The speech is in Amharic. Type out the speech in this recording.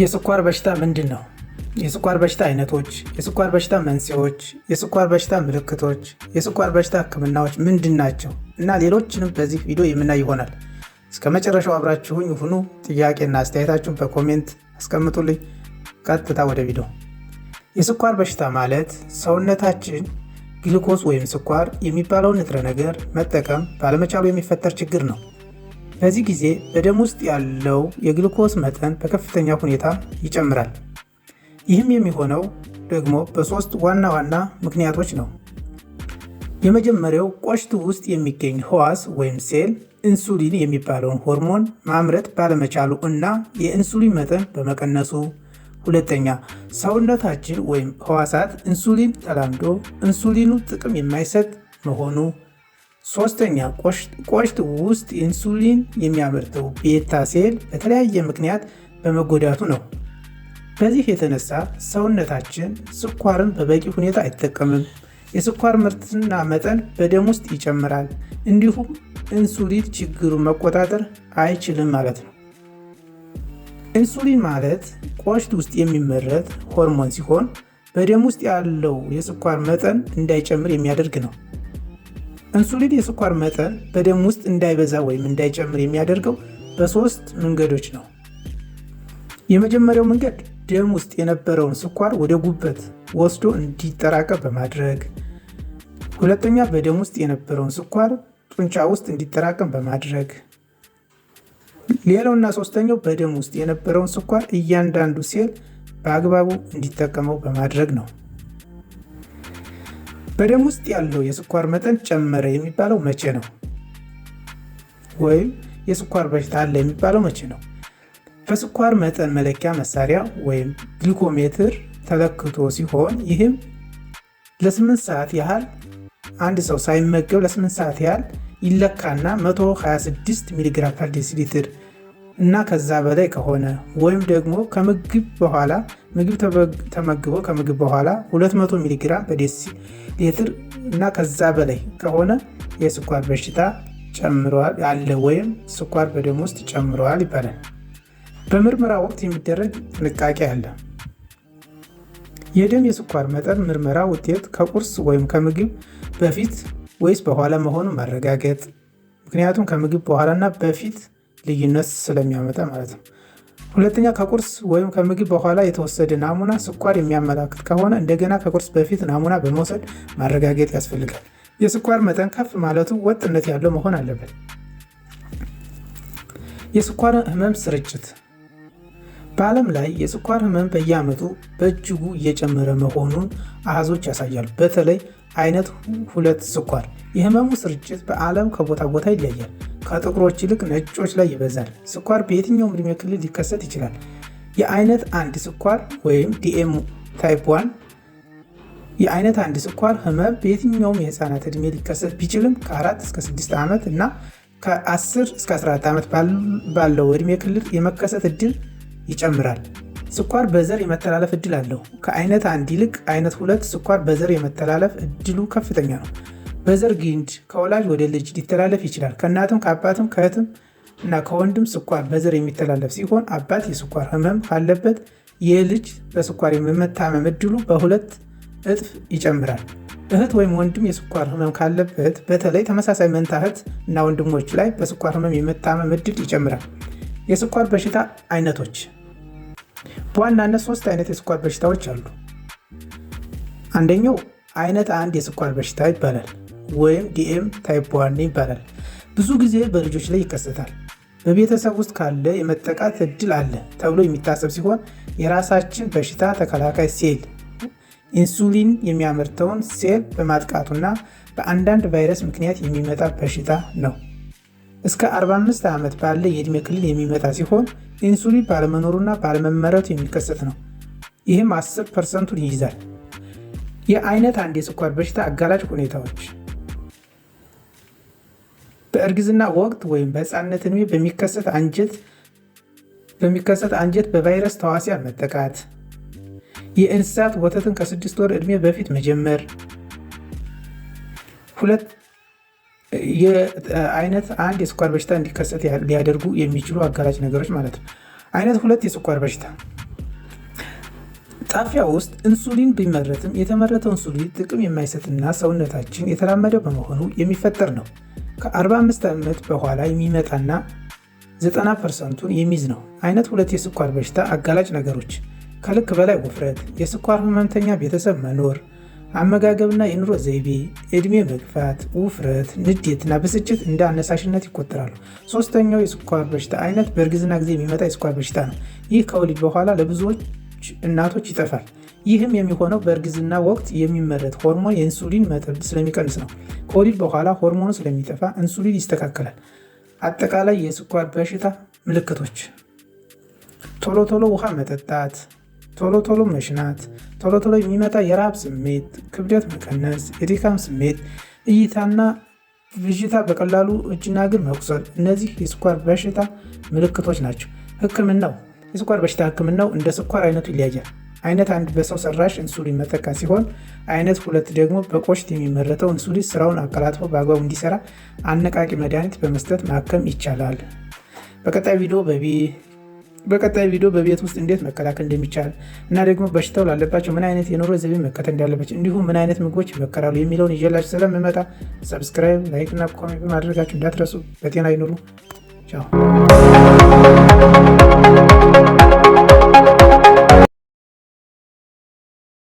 የስኳር በሽታ ምንድን ነው? የስኳር በሽታ አይነቶች፣ የስኳር በሽታ መንስኤዎች፣ የስኳር በሽታ ምልክቶች፣ የስኳር በሽታ ህክምናዎች ምንድን ናቸው እና ሌሎችንም በዚህ ቪዲዮ የምናይ ይሆናል። እስከ መጨረሻው አብራችሁኝ ሁኑ። ጥያቄና አስተያየታችሁን በኮሜንት አስቀምጡልኝ። ቀጥታ ወደ ቪዲዮ። የስኳር በሽታ ማለት ሰውነታችን ግሉኮስ ወይም ስኳር የሚባለውን ንጥረ ነገር መጠቀም ባለመቻሉ የሚፈጠር ችግር ነው። በዚህ ጊዜ በደም ውስጥ ያለው የግሉኮስ መጠን በከፍተኛ ሁኔታ ይጨምራል። ይህም የሚሆነው ደግሞ በሶስት ዋና ዋና ምክንያቶች ነው። የመጀመሪያው ቆሽቱ ውስጥ የሚገኝ ህዋስ ወይም ሴል ኢንሱሊን የሚባለውን ሆርሞን ማምረት ባለመቻሉ እና የኢንሱሊን መጠን በመቀነሱ፣ ሁለተኛ ሰውነታችን ወይም ህዋሳት ኢንሱሊን ተላምዶ ኢንሱሊኑ ጥቅም የማይሰጥ መሆኑ ሶስተኛ ቆሽት ውስጥ ኢንሱሊን የሚያመርተው ቤታ ሴል በተለያየ ምክንያት በመጎዳቱ ነው። በዚህ የተነሳ ሰውነታችን ስኳርን በበቂ ሁኔታ አይጠቀምም። የስኳር ምርትና መጠን በደም ውስጥ ይጨምራል። እንዲሁም ኢንሱሊን ችግሩን መቆጣጠር አይችልም ማለት ነው። ኢንሱሊን ማለት ቆሽት ውስጥ የሚመረት ሆርሞን ሲሆን በደም ውስጥ ያለው የስኳር መጠን እንዳይጨምር የሚያደርግ ነው። ኢንሱሊን የስኳር መጠን በደም ውስጥ እንዳይበዛ ወይም እንዳይጨምር የሚያደርገው በሶስት መንገዶች ነው። የመጀመሪያው መንገድ ደም ውስጥ የነበረውን ስኳር ወደ ጉበት ወስዶ እንዲጠራቀም በማድረግ፣ ሁለተኛ በደም ውስጥ የነበረውን ስኳር ጡንቻ ውስጥ እንዲጠራቀም በማድረግ፣ ሌላውና ሶስተኛው በደም ውስጥ የነበረውን ስኳር እያንዳንዱ ሴል በአግባቡ እንዲጠቀመው በማድረግ ነው። በደም ውስጥ ያለው የስኳር መጠን ጨመረ የሚባለው መቼ ነው? ወይም የስኳር በሽታ አለ የሚባለው መቼ ነው? በስኳር መጠን መለኪያ መሳሪያ ወይም ግሊኮሜትር ተለክቶ ሲሆን ይህም ለስምንት ሰዓት ያህል አንድ ሰው ሳይመገብ ለስምንት ሰዓት ያህል ይለካና 126 ሚሊግራም ፐር ዴሲሊትር እና ከዛ በላይ ከሆነ ወይም ደግሞ ከምግብ በኋላ ምግብ ተመግቦ ከምግብ በኋላ 200 ሚሊግራም በዴሲ ሊትር እና ከዛ በላይ ከሆነ የስኳር በሽታ ጨምረዋል አለ ወይም ስኳር በደም ውስጥ ጨምረዋል ይባላል። በምርመራ ወቅት የሚደረግ ጥንቃቄ አለ። የደም የስኳር መጠን ምርመራ ውጤት ከቁርስ ወይም ከምግብ በፊት ወይስ በኋላ መሆኑ ማረጋገጥ። ምክንያቱም ከምግብ በኋላና በፊት ልዩነት ስለሚያመጣ ማለት ነው። ሁለተኛ ከቁርስ ወይም ከምግብ በኋላ የተወሰደ ናሙና ስኳር የሚያመላክት ከሆነ እንደገና ከቁርስ በፊት ናሙና በመውሰድ ማረጋገጥ ያስፈልጋል። የስኳር መጠን ከፍ ማለቱ ወጥነት ያለው መሆን አለበት። የስኳር ህመም ስርጭት በዓለም ላይ የስኳር ህመም በየዓመቱ በእጅጉ እየጨመረ መሆኑን አሃዞች ያሳያሉ። በተለይ አይነት ሁለት ስኳር። የህመሙ ስርጭት በዓለም ከቦታ ቦታ ይለያል። ከጥቁሮች ይልቅ ነጮች ላይ ይበዛል። ስኳር በየትኛውም ዕድሜ ክልል ሊከሰት ይችላል። የአይነት አንድ ስኳር ወይም ዲኤም ታይፕ ዋን የአይነት አንድ ስኳር ህመም በየትኛውም የህፃናት እድሜ ሊከሰት ቢችልም ከ4 እስከ 6 ዓመት እና ከ10 እስከ 14 ዓመት ባለው እድሜ ክልል የመከሰት እድል ይጨምራል። ስኳር በዘር የመተላለፍ እድል አለው። ከአይነት አንድ ይልቅ አይነት ሁለት ስኳር በዘር የመተላለፍ እድሉ ከፍተኛ ነው። በዘር ግንድ ከወላጅ ወደ ልጅ ሊተላለፍ ይችላል። ከእናትም ከአባትም ከእህትም እና ከወንድም ስኳር በዘር የሚተላለፍ ሲሆን አባት የስኳር ህመም ካለበት ይህ ልጅ በስኳር የመታመም እድሉ በሁለት እጥፍ ይጨምራል። እህት ወይም ወንድም የስኳር ህመም ካለበት በተለይ ተመሳሳይ መንታ እህት እና ወንድሞች ላይ በስኳር ህመም የመታመም እድል ይጨምራል። የስኳር በሽታ አይነቶች በዋናነት ሶስት አይነት የስኳር በሽታዎች አሉ። አንደኛው አይነት አንድ የስኳር በሽታ ይባላል ወይም ዲኤም ታይፕ ዋን ይባላል። ብዙ ጊዜ በልጆች ላይ ይከሰታል። በቤተሰብ ውስጥ ካለ የመጠቃት እድል አለ ተብሎ የሚታሰብ ሲሆን የራሳችን በሽታ ተከላካይ ሴል ኢንሱሊን የሚያመርተውን ሴል በማጥቃቱና በአንዳንድ ቫይረስ ምክንያት የሚመጣ በሽታ ነው። እስከ 45 ዓመት ባለ የዕድሜ ክልል የሚመጣ ሲሆን ኢንሱሊን ባለመኖሩና ባለመመረቱ የሚከሰት ነው። ይህም 10 ፐርሰንቱን ይይዛል። የአይነት አንድ የስኳር በሽታ አጋላጭ ሁኔታዎች በእርግዝና ወቅት ወይም በህፃነት ዕድሜ በሚከሰት አንጀት በሚከሰት አንጀት በቫይረስ ተዋሲያን መጠቃት፣ የእንስሳት ወተትን ከስድስት ወር ዕድሜ በፊት መጀመር። ሁለት የአይነት አንድ የስኳር በሽታ እንዲከሰት ሊያደርጉ የሚችሉ አጋላጭ ነገሮች ማለት ነው። አይነት ሁለት የስኳር በሽታ ጣፊያ ውስጥ ኢንሱሊን ቢመረትም የተመረተው ኢንሱሊን ጥቅም የማይሰጥና ሰውነታችን የተላመደ በመሆኑ የሚፈጠር ነው። ከ45 ዓመት በኋላ የሚመጣና 90 ፐርሰንቱን የሚይዝ ነው። አይነት ሁለት የስኳር በሽታ አጋላጭ ነገሮች ከልክ በላይ ውፍረት፣ የስኳር ህመምተኛ ቤተሰብ መኖር አመጋገብና የኑሮ ዘይቤ፣ እድሜ መግፋት፣ ውፍረት፣ ንዴትና ብስጭት እንደ አነሳሽነት ይቆጠራሉ። ሶስተኛው የስኳር በሽታ አይነት በእርግዝና ጊዜ የሚመጣ የስኳር በሽታ ነው። ይህ ከወሊድ በኋላ ለብዙዎች እናቶች ይጠፋል። ይህም የሚሆነው በእርግዝና ወቅት የሚመረት ሆርሞን የኢንሱሊን መጠን ስለሚቀንስ ነው። ከወሊድ በኋላ ሆርሞኑ ስለሚጠፋ ኢንሱሊን ይስተካከላል። አጠቃላይ የስኳር በሽታ ምልክቶች ቶሎ ቶሎ ውሃ መጠጣት ቶሎ ቶሎ መሽናት፣ ቶሎ ቶሎ የሚመጣ የራብ ስሜት፣ ክብደት መቀነስ፣ የድካም ስሜት፣ እይታና ብዥታ፣ በቀላሉ እጅና እግር መቁሰል፣ እነዚህ የስኳር በሽታ ምልክቶች ናቸው። ህክምናው የስኳር በሽታ ህክምናው እንደ ስኳር አይነቱ ይለያያል። አይነት አንድ በሰው ሰራሽ ኢንሱሊን መተካ ሲሆን አይነት ሁለት ደግሞ በቆሽት የሚመረተው ኢንሱሊን ስራውን አቀላጥፎ በአግባቡ እንዲሰራ አነቃቂ መድኃኒት በመስጠት ማከም ይቻላል። በቀጣይ ቪዲዮ በቢ በቀጣይ ቪዲዮ በቤት ውስጥ እንዴት መከላከል እንደሚቻል እና ደግሞ በሽታው ላለባቸው ምን አይነት የኑሮ ዘይቤ መከተል እንዳለበች እንዲሁም ምን አይነት ምግቦች ይመከራሉ የሚለውን ይዤላችሁ ስለምመጣ ሰብስክራይብ፣ ላይክ እና ኮሜንት ማድረጋችሁ እንዳትረሱ። በጤና ይኑሩ። ቻው